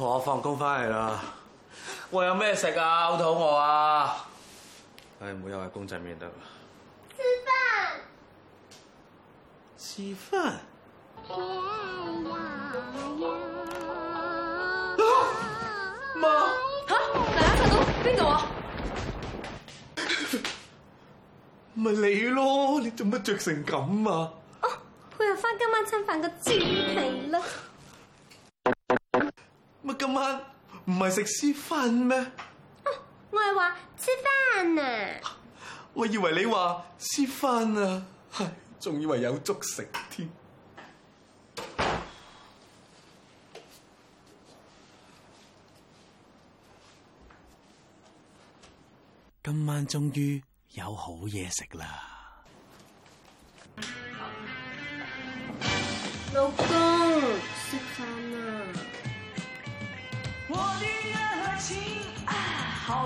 我放工翻嚟啦，我有咩食啊？好肚餓啊！唉、哎，唔好又係公仔麵得啦。吃飯飯。吃飯飯。媽、啊。吓、啊，大家、啊啊、看到邊度啊？咪 你咯，你做乜着成咁啊？哦，配合翻今晚餐飯個豬皮啦。 乜今晚唔係食私飯咩？我係話私飯啊！我以為你話私飯啊，仲以為有粥食添。今晚終於有好嘢食啦！老公。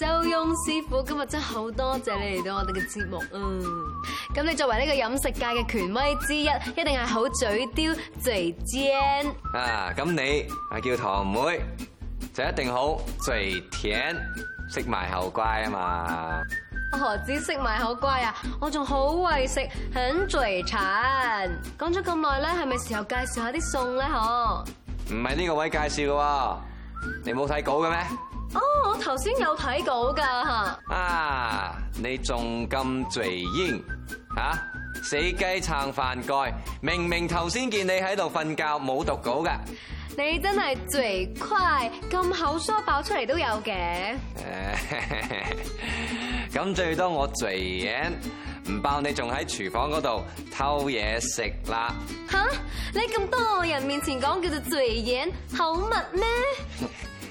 周庸師傅，今日真好多謝你嚟到我哋嘅節目啊！咁、嗯、你作為呢個飲食界嘅權威之一，一定係好嘴刁嘴尖啊！咁你係叫糖妹，就一定好嘴甜，食埋口乖啊嘛！何止食埋口乖啊！我仲好為食，很嘴饞。講咗咁耐咧，係咪時候介紹下啲餸咧？嗬？唔係呢個位介紹嘅，你冇睇稿嘅咩？哦，我頭先有睇到噶。啊，你仲咁嘴硬？吓，死雞撐飯蓋，明明頭先見你喺度瞓覺，冇讀稿噶。你真係嘴快，咁口疏爆出嚟，都有嘅。咁最多我嘴嚴，唔爆你仲喺廚房嗰度偷嘢食啦。吓，你咁多人面前講叫做嘴嚴、口密咩？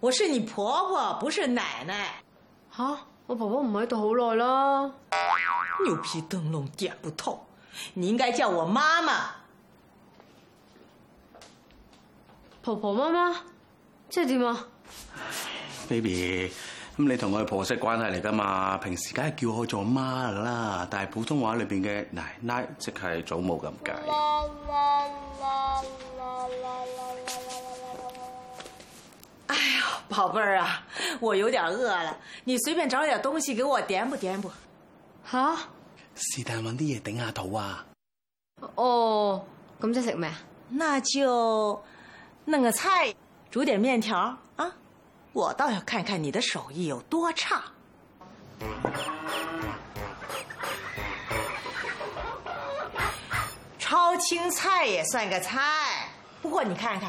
我是你婆婆，不是奶奶。吓、啊，我婆婆唔喺度好耐啦。牛皮燈籠點不透，你應該叫我媽媽。婆婆媽媽，即係點啊？Baby，咁你同我係婆媳關係嚟噶嘛？平時梗係叫我做媽啦，但係普通話裏邊嘅“奶奶”，即係祖母咁解。寶貝兒啊，我有點餓了，你隨便找點東西給我填補填補，好、啊，是但揾啲嘢頂下肚啊？哦，咁即食咩？那就弄個菜，煮點麵條啊！我倒要看看你的手藝有多差。炒青菜也算個菜，不過你看看。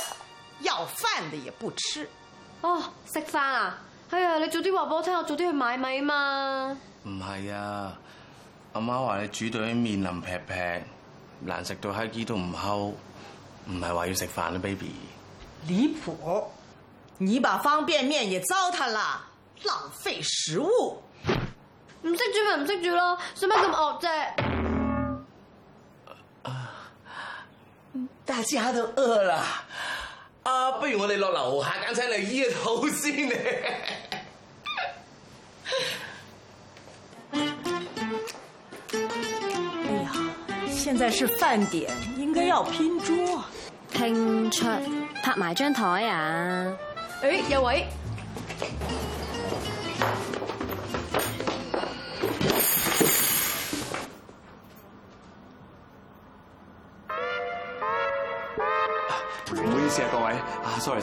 飯的也不吃？哦，食飯啊！哎呀，你早啲話俾我聽，我早啲去買米嘛。唔係啊，阿媽話你煮到啲麵淋劈劈，難食到閪雞都唔齁，唔係話要食飯啦，baby。離譜！你把方便麵也糟蹋啦，浪費食物。唔識煮咪唔識煮咯，使乜咁惡啫？嗯、大家都餓啦。啊，不如我哋落樓下揀青姨醫肚先啊！哎呀，現在是飯點，應該要拼桌，拼桌拍埋張台啊！誒、哎，有位。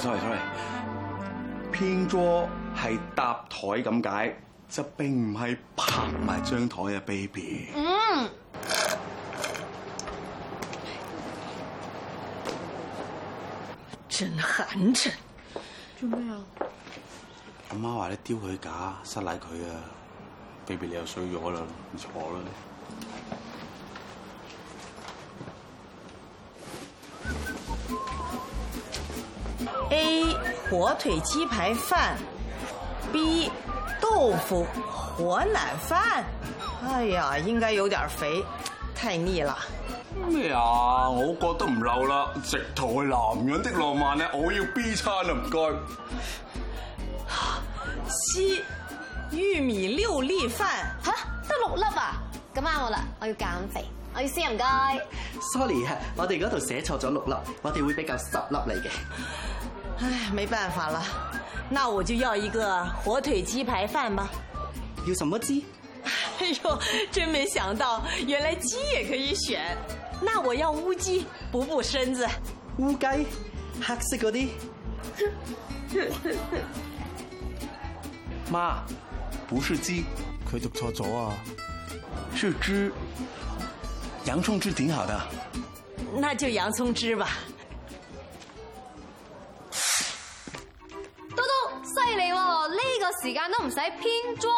Sorry sorry，偏桌係搭台咁解，就並唔係拍埋張台嘅。baby 嗯。真寒磣。做咩啊？阿媽話你丟佢架，失禮佢啊！baby 你又衰咗啦，唔錯啦。A 火腿雞排飯，B 豆腐火腩飯，哎呀，應該有點肥，太膩啦。咩啊？我覺得唔漏啦，直頭係男人的浪漫咧！我要 B 餐啦，唔該。C 玉米六粒飯，吓得、啊、六粒啊？咁啱我啦！我要減肥，我要先，唔該。Sorry 啊，我哋嗰度寫錯咗六粒，我哋會俾夠十粒嚟嘅。哎，沒辦法了，那我就要一個火腿雞排飯吧。有什麼雞？哎呦，真沒想到，原來雞也可以選。那我要烏雞，補補身子。烏雞，黑色嗰啲。 媽，不是雞，佢讀錯咗啊，是汁。洋蔥汁挺好的，那就洋蔥汁吧。時間都唔使拼桌。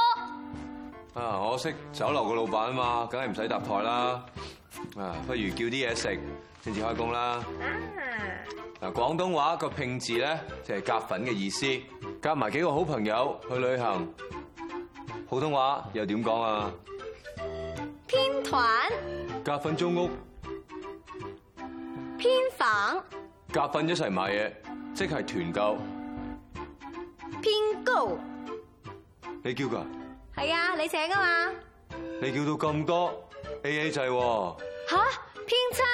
啊！我識酒樓個老闆吖嘛，梗係唔使搭台啦。啊，不如叫啲嘢食先至開工啦。嗱、啊，廣東話個拼字咧，就係夾份嘅意思。夾埋幾個好朋友去旅行，普通話又點講啊？拼團夾份租屋，拼房夾份一齊買嘢，即係團購。拼購。你叫噶？係啊，你請啊嘛。你叫到咁多，A A 制喎。嚇、啊啊，偏餐，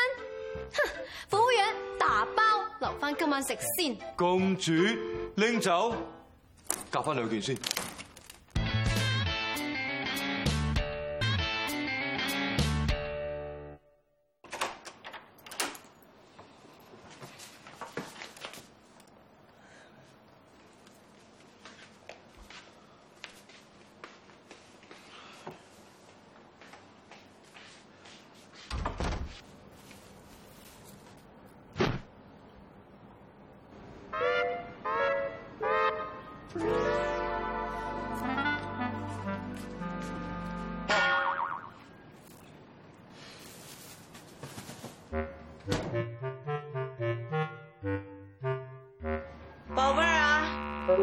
哼，服務員打包，留翻今晚食先、啊。公主拎走，夾翻兩件先。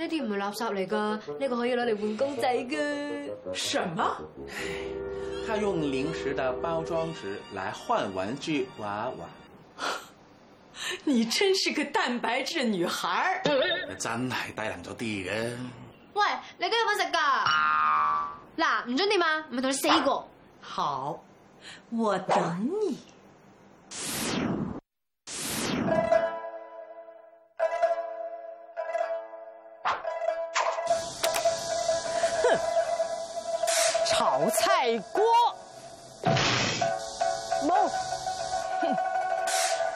呢啲唔係垃圾嚟噶，呢、這個可以攞嚟換公仔噶。什麼唉？他用零食嘅包裝紙嚟換玩具娃娃。玩玩 你真是個蛋白質女孩 真係低能咗啲嘅。喂，你今日有冇食噶？嗱，唔准掂啊，唔係同你死過。好，我等你。 鍋，冇。哼，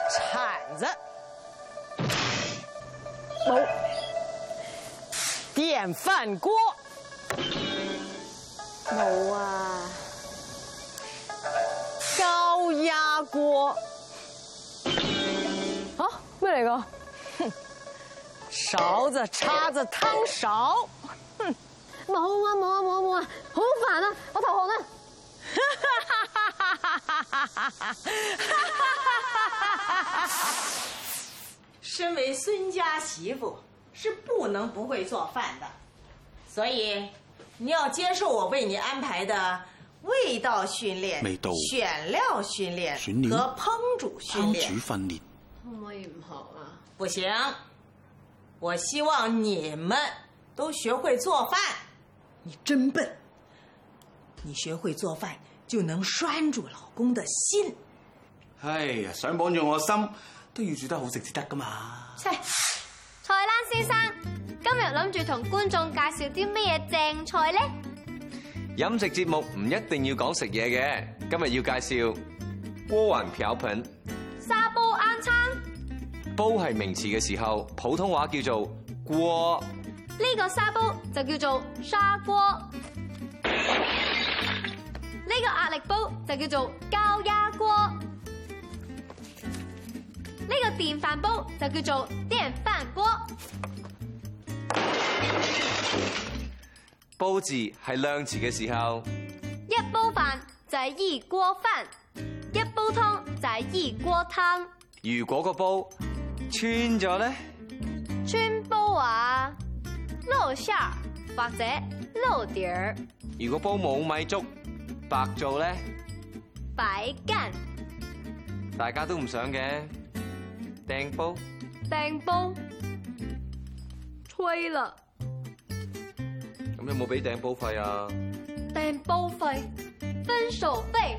鏟子，冇。電飯鍋，冇啊。高壓鍋，啊，沒那個。哼，勺子、叉子、湯勺。冇啊冇啊冇啊冇啊，啊，好煩啊，啊！我投降啦！哈哈哈哈哈哈哈哈哈哈哈哈哈哈！身為孫家媳婦，是不能不會做飯的，所以你要接受我為你安排的味道訓練、味到選料訓練您和烹煮訓練、烹好啊！不行，我希望你們都學會做飯。你真笨！你學會做飯就能拴住老公的心。哎呀，想綁住我心，都要煮得好食至得㗎嘛。切，蔡瀾先生，今日諗住同觀眾介紹啲咩嘢正菜呢？飲食節目唔一定要講食嘢嘅，今日要介紹鍋碗瓢盆。沙煲罌罉。煲係名詞嘅時候，普通話叫做鍋。呢個砂煲就叫做砂鍋，呢個壓力煲就叫做高壓鍋，呢個電飯煲就叫做電飯鍋。煲字係量詞嘅時候，一煲飯就係一鍋飯，一煲湯就係一鍋湯。如果個煲穿咗咧，穿煲啊！露餡或者露碟，如果煲冇米粥，白做咧，白幹幹。大家都唔想嘅，掟煲，掟煲，吹啦了！咁有冇俾掟煲費啊？掟煲費，分手費，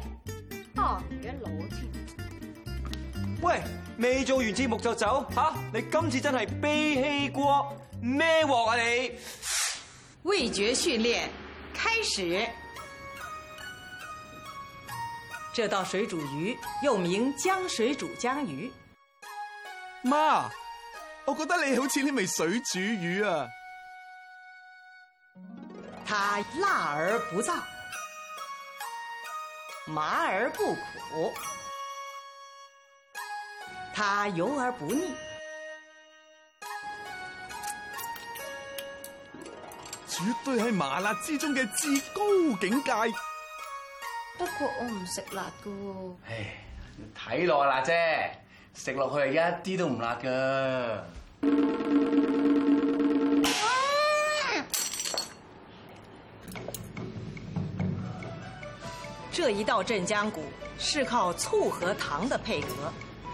啊而家攞錢。喂，未做完節目就走吓，啊？你今次真係悲氣過咩鑊啊你？味覺訓練開始，這道水煮魚又名江水煮江魚。媽，我覺得你好似呢味水煮魚啊。它辣而不燥，麻而不苦。它油而不膩，絕對係麻辣之中嘅至高境界。不過我唔食辣㗎。唉，睇落辣啫，食落去係一啲都唔辣㗎。這一道鎮江骨是靠醋和糖的配合。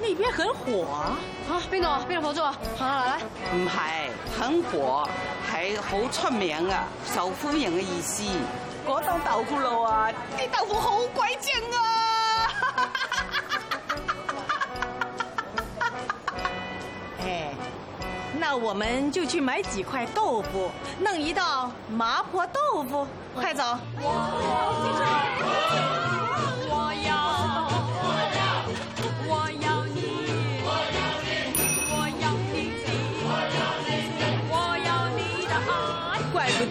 那邊很火啊！邊度邊度婆做，好來，唔係、嗯、很火，係好出名啊，受歡迎嘅意思。嗰檔豆腐佬啊，啲豆腐好鬼正啊！ 哎，那我們就去買幾塊豆腐，弄一道麻婆豆腐，嗯、快走！哇哎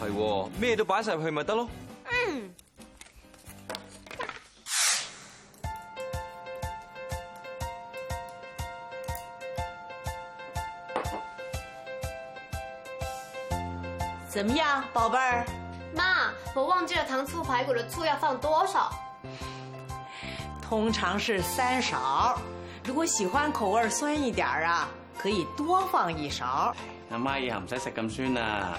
係喎，咩都擺晒入去咪得咯。嗯。怎麼樣，寶貝兒？媽，我忘記了糖醋排骨的醋要放多少？通常是三勺，如果喜歡口味酸一點啊，可以多放一勺。阿媽以後唔使食咁酸啦。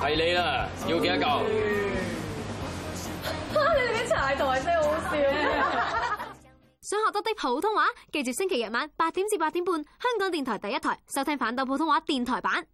係你啦，要幾多嚿？你哋啲柴台真係好笑。想學多啲普通話，記住星期日晚八點至八點半，香港電台第一台收聽《反斗普通話》電台版。